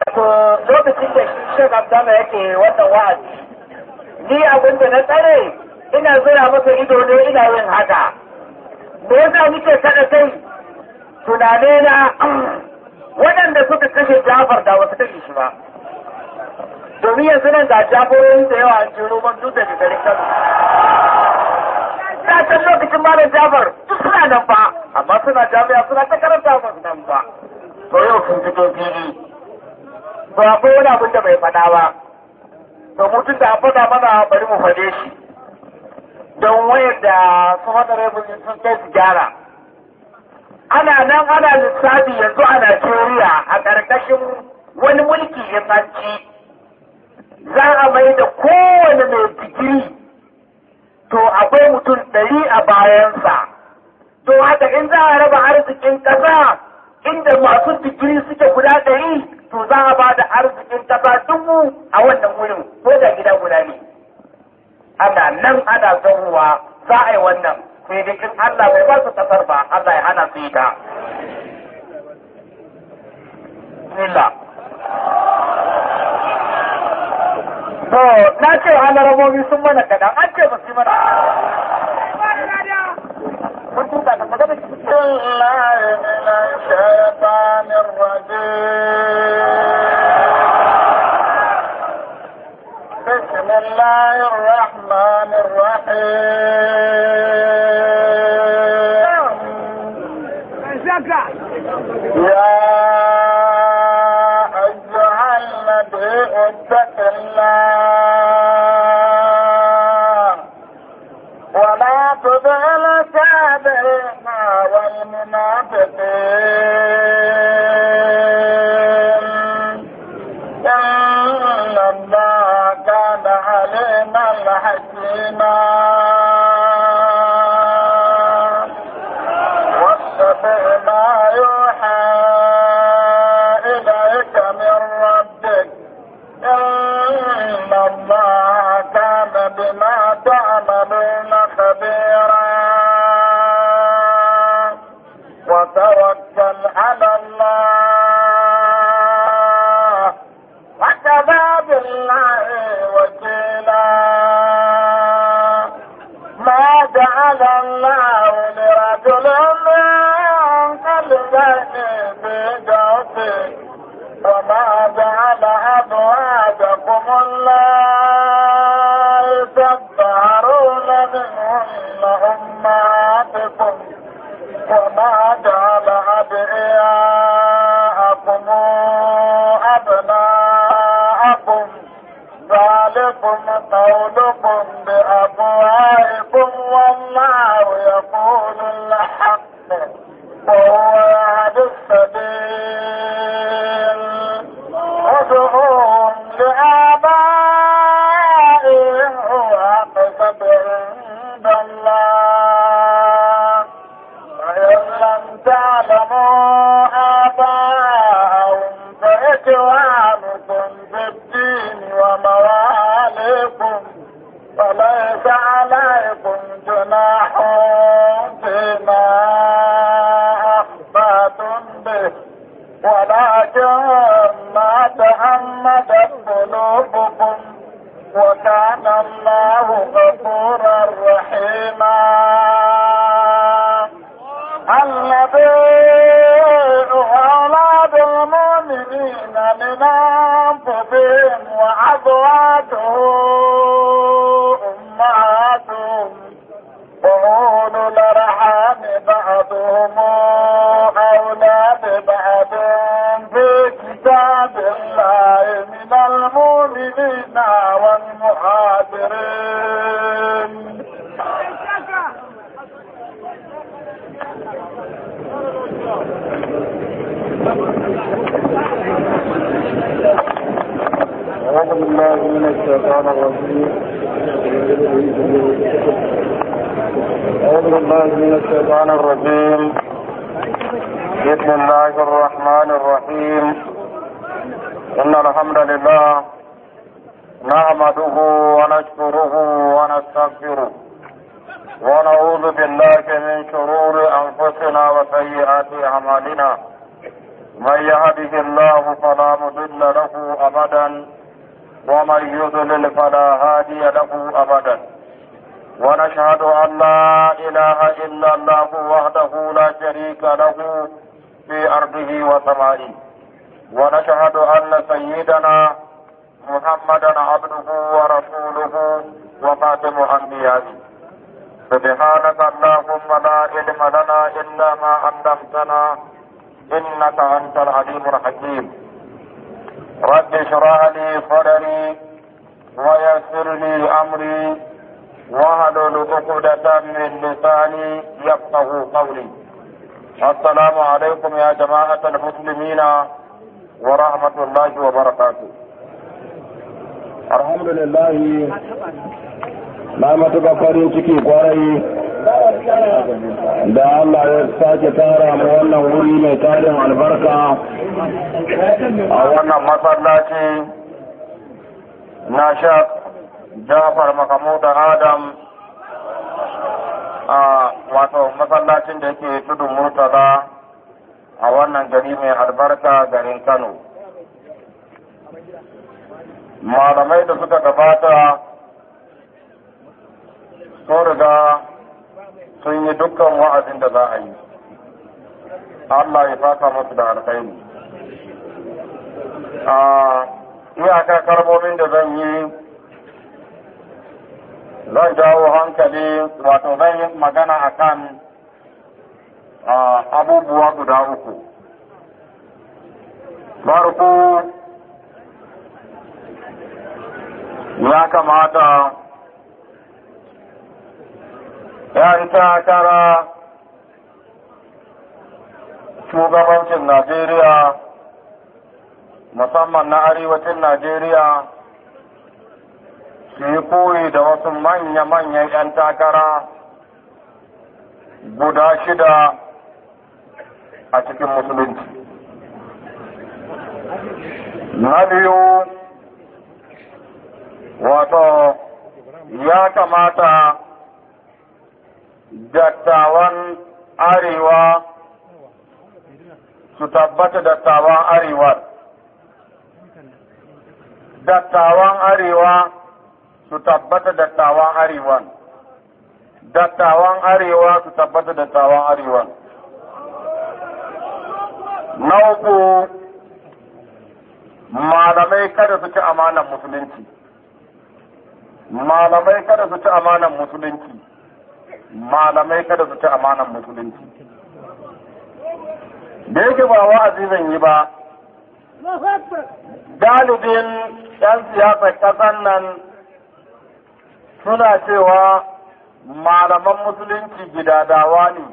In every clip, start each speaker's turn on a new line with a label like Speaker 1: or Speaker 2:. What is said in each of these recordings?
Speaker 1: To lokacin da Shek Abdama yake wannan wa'azi, ni abinda na tsare ina zura masa ido ne ina yin haka. Me yasa nike kada kai tunane na waɗanda suka kashe Jafar da wasu kashe shi ba. Domin yanzu nan ga Jafarorin da yawa an jiro man duk da garin Kano. Na san lokacin Malam Jafar duk suna nan ba, amma suna jami'a suna ta karanta masu nan ba.
Speaker 2: To yau sun fito fili.
Speaker 1: ba akwai wani abin da bai faɗa ba to mutum da an faɗa mana bari mu faɗe shi don wayar da su hadarai sun kai su gyara ana nan ana lissafi yanzu a Najeriya a ƙarƙashin wani mulki yasanci za a mai da kowane mai digiri to akwai mutum ɗari a bayansa to haka in za a raba arzikin ƙasa inda masu digiri suke guda ɗari to za a ba da arzikin kasa dubu a wannan wurin ko da gida guda ne ana nan ana zaruwa za a yi wannan sai da in Allah bai ba su kasar ba Allah ya hana su yi ta
Speaker 2: To, na ce halarabobi sun mana kaɗan, an ce ba su mana. بسم الله من الشيطان الله الرحمن الرحيم حسيما أبناءكم ذلكم قولكم بأفواهكم واستوانكم بالدين ومواليكم فليس عليكم جناح فيما أخطأتم به ولكن ما تعمدت قلوبكم وكان الله غفورا من أنفسهم وأزواجهم
Speaker 1: من الشيطان الرجيم أعوذ بالله من الشيطان الرجيم بسم الله الرحمن الرحيم إن الحمد لله نحمده ونشكره ونستغفره ونعوذ بالله من شرور أنفسنا وسيئات أعمالنا من يهده الله فلا مضل له أبدا ومن يضلل فلا هادي له أبدا ونشهد أن لا إله إلا الله وحده لا شريك له في أرضه وسمائه ونشهد أن سيدنا محمدا عبده ورسوله وخاتم أنبيائه
Speaker 2: سبحانك
Speaker 1: اللهم لا علم لنا إلا ما علمتنا إنك أنت العليم الحكيم رب اشرح لي صدري ويسر لي امري واحلل عقدة من لساني يفقه قولي السلام عليكم يا جماعة المسلمين ورحمة الله وبركاته الحمد لله na matuƙa farin ciki kwarai
Speaker 2: da
Speaker 1: Allah ya sake tara mu wannan wuri mai tarin albarka a wannan masallaci na sha jafar makamu da adam a wato masallacin da yake tudun murtala a wannan gari mai albarka garin kano malamai da suka gabata sun riga sun yi dukkan wa'azin da za a yi Allah ya fata musu da alkhairi a iyaka karbomin da zan yi zan jawo hankali wato zan yi magana a kan abubuwa guda uku farko ya kamata ya takara shugabancin najeriya musamman na arewacin najeriya su yi koyi da wasu manya-manyan 'yan takara guda shida a cikin musulunci na biyu wato ya kamata dattawan arewa su tabbata dattawan arewa dattawan arewa su tabbata dattawan arewa dattawan arewa su tabbata dattawan arewa
Speaker 2: na uku
Speaker 1: malamai kada su ci amanan musulunci malamai kada su ci amanan musulunci malamai kada su ci amanar musulunci da yake ba wa'azi zan yi ba galibin 'yan siyasar kasan nan suna cewa malaman musulunci gidadawa ne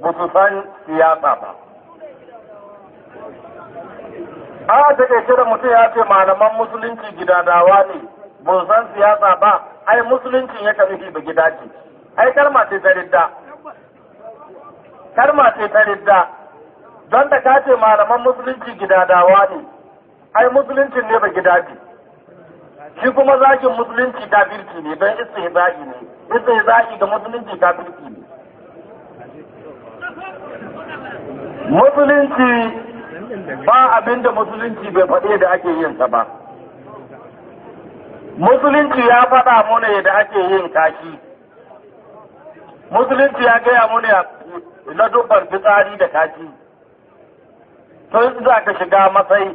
Speaker 1: ba su san siyasa ba a take kira mutum ya ce malaman musulunci gidadawa ne ba su san siyasa ba ai musulunci ya nufi ba gida ce ai karma ce ta ridda karma ce ta ridda don da ka ce malaman musulunci gidadawa ne ai musuluncin ne ba ce shi kuma zakin musulunci kafirci ne don zaki ne zaki ga musulunci kafirci ne musulunci ba abin da musulunci bai faɗe da ake yin sa ba musulunci ya faɗa mana yadda ake yin kashi
Speaker 2: musulunci ya
Speaker 1: gaya muni na dubban fitsari da kaji to in za ka shiga matsayi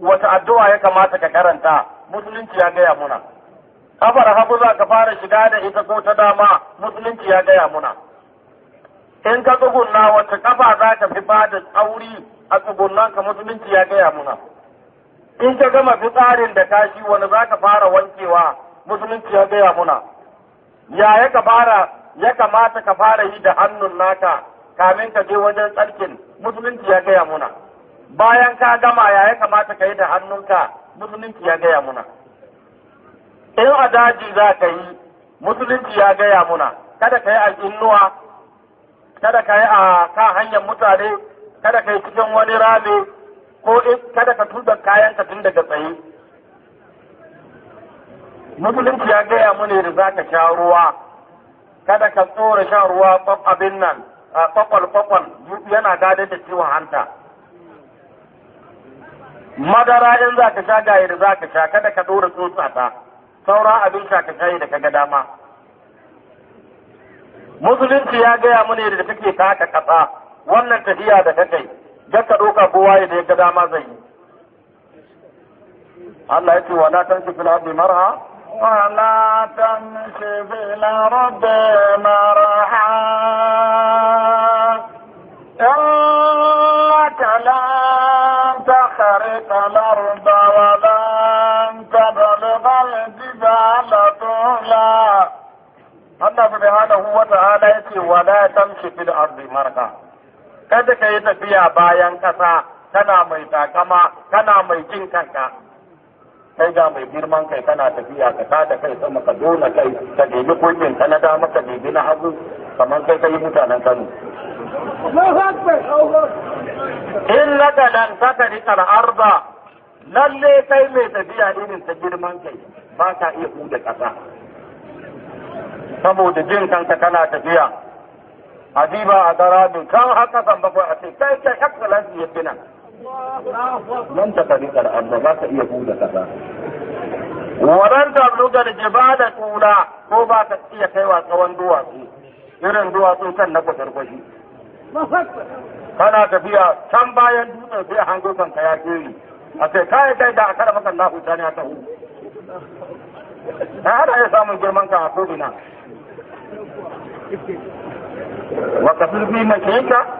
Speaker 1: wata addu'a ya kamata ka karanta musulunci ya gaya muna kafar hagu za ka fara shiga da ita ko ta dama musulunci ya gaya muna in ka tsugunna wata kafa za ka fi ba da tsauri a tsugunnan ka musulunci ya gaya muna in ka gama fitsarin da kashi wani za ka fara wankewa musulunci ya gaya muna ya ya ka fara ya kamata ka fara yi da hannun naka kamin ka je wajen tsarkin musulunci ya gaya muna bayan ka gama ya ya kamata ka yi da hannunka musulunci ya gaya muna in a daji za ka yi musulunci ya gaya muna kada ka yi a innuwa kada ka yi a kan hanyar mutane kada ka yi cikin wani rami ko kada ka tuba kayan ka tun daga tsaye musulunci ya gaya mu ne da za ka sha ruwa kada ka tsora shan ruwa kwaf abin nan kwakwal kwakwal yana gadar da ciwon hanta madara in za ka sha gaye da za ka sha kada ka tsora tsotsa ta saura abin sha ka shayi da ka ga dama musulunci ya gaya mu ne da take taka kasa wannan tafiya da ta kai da ka doka kowa ya da ga dama zai yi Allah ya ce wa la tanfi fil ardi mar'a
Speaker 2: ولا تمش في الأرض مرحا إنك لن تخرق الأرض ولن تبلغ الجبال طولا Allah subhanahu wa ta'ala
Speaker 1: yace wala tamshi fil ardi marha kada kai tafiya bayan kasa kana mai takama kana mai jin kanka kai ga mai girman kai kana tafiya ka ta da kai sama ka dona kai ka debi kuɗin ka na dama ka debi na hagu kamar kai kai mutanen Kano. In ga dan saka rikar arba lalle kai mai tafiya irin ta girman kai ba ka iya huda ƙasa. Saboda jin kanka kana tafiya adiba a garabin kan haka san bakwai a ce kai kai excellency ya fi nan. nan ta fari ba za ka iya buɗe kaza waran da lugar jibala ko ba ka iya kaiwa tsawon duwatsu irin duwatsun kan na kwatarkwashi kana tafiya can bayan dutsen sai hango kanka ya keri a sai kai kai da kada maka na huta ne a tahu ta hada ya samun girman ka a kodina wa kafin bi mace yanka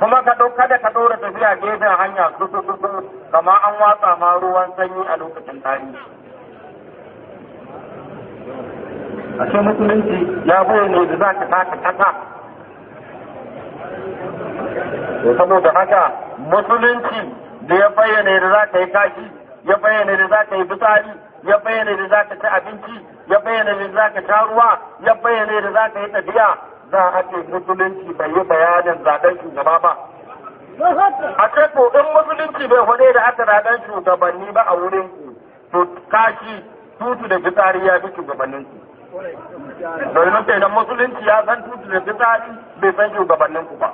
Speaker 1: kuma ka ɗauka kada ka ɗora tafiya gefen hanya su duku kama an watsa ma ruwan sanyi a lokacin tari a ce musulunci ya goye ne da za ka saka kasa to saboda haka musulunci da ya bayyana da za ka yi kashi ya bayyana da za ka yi fitsari ya bayyana da za ka ci abinci ya bayyana da za ka sha ruwa ya bayyana da za ka yi tafiya za a ce musulunci bai yi bayanin zaben shugaba ba a ce to in musulunci bai hune da aka zaben shugabanni ba a wurin to kashi tutu da fitsari ya fi shugabannin
Speaker 2: ku domin kai dan musulunci
Speaker 1: ya san tutu da fitsari bai san shugabannin ku ba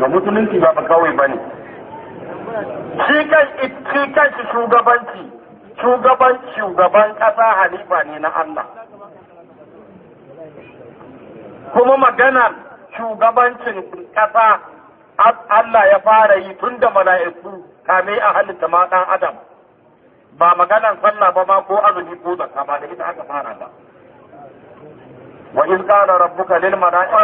Speaker 1: Da musulunci ba ba kawai ba ne shi kan shi shugabanci shugaban shugaban ƙasa halifa ne na Allah kuma maganar shugabancin ƙasa Allah ya fara yi tun da mala'iku kame a halitta ma ɗan adam ba maganar sallah ba ma ko azumi ko da ba da ita aka fara ba وإذ قال ربك للملائكة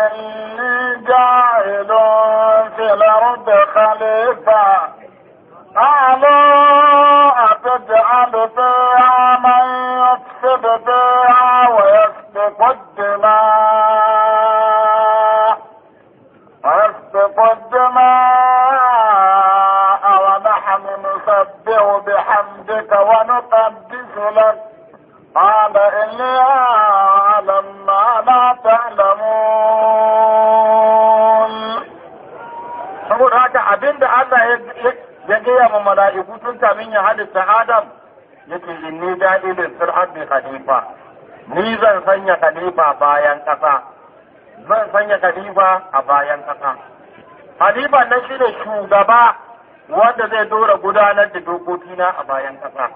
Speaker 2: إني جاهل في الأرض ببيع من يكسب بيع ويسبق الدماء ويسبق الدماء ونحن نسبح بحمدك ونقدس لك قال إني أعلم ما لا
Speaker 1: تعلمون saboda haka abinda Allah ya gaya ma mala'iku tun kamin ya halitta Adam yace inni da'ilin fil ardi khalifa ni zan sanya khalifa bayan kasa zan sanya khalifa a bayan kasa khalifa nan ne shugaba wanda zai dora gudanar da dokokina a bayan kasa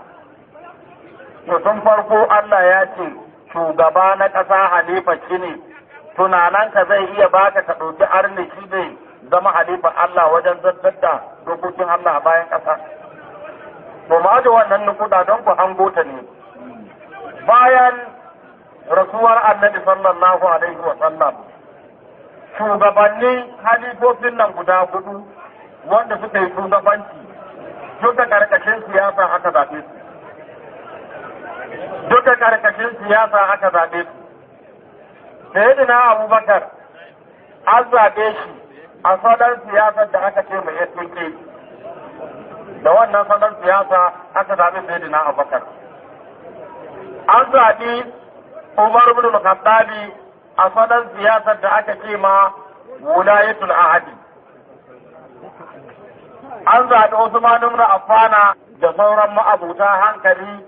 Speaker 1: to tun farko Allah ya ce shugaba na kasa halifa ne. tunananka zai iya baka ka ɗauki arniki zai zama halifa Allah wajen zartar dokokin Allah a bayan kasa to ma da wannan nukuda don ku hango ta ne bayan rasuwar annabi sallallahu alaihi wa sallam shugabanni halifofin nan guda hudu wanda suka yi shugabanci duka karkashin siyasa aka zaɓe su duka karkashin siyasa haka zaɓe su da yadda abubakar an zaɓe shi a sadar siyasar da aka ce mai yake da wannan salon siyasa aka zaɓi a bakar an zaɓi umar ibn al a salon siyasar da aka ce ma wulayatul ahadi an zaɓi usman ibn affana da sauran ma'abuta hankali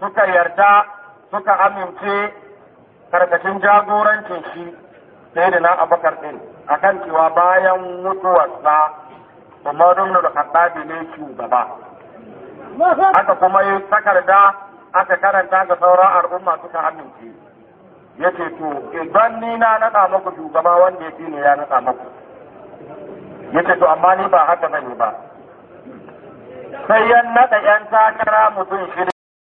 Speaker 1: suka yarda suka amince karkashin jagorancin shi sayyidina ɗin din akan cewa bayan mutuwarsa Umar ibn da khattab ne shugaba haka kuma yi takarda aka karanta ga sauran al'umma suka amince yace to idan ni na naɗa muku shugaba wanda ya ne ya naɗa muku yace to amma ni ba haka bane ba sai yan naɗa yan takara mutum shirin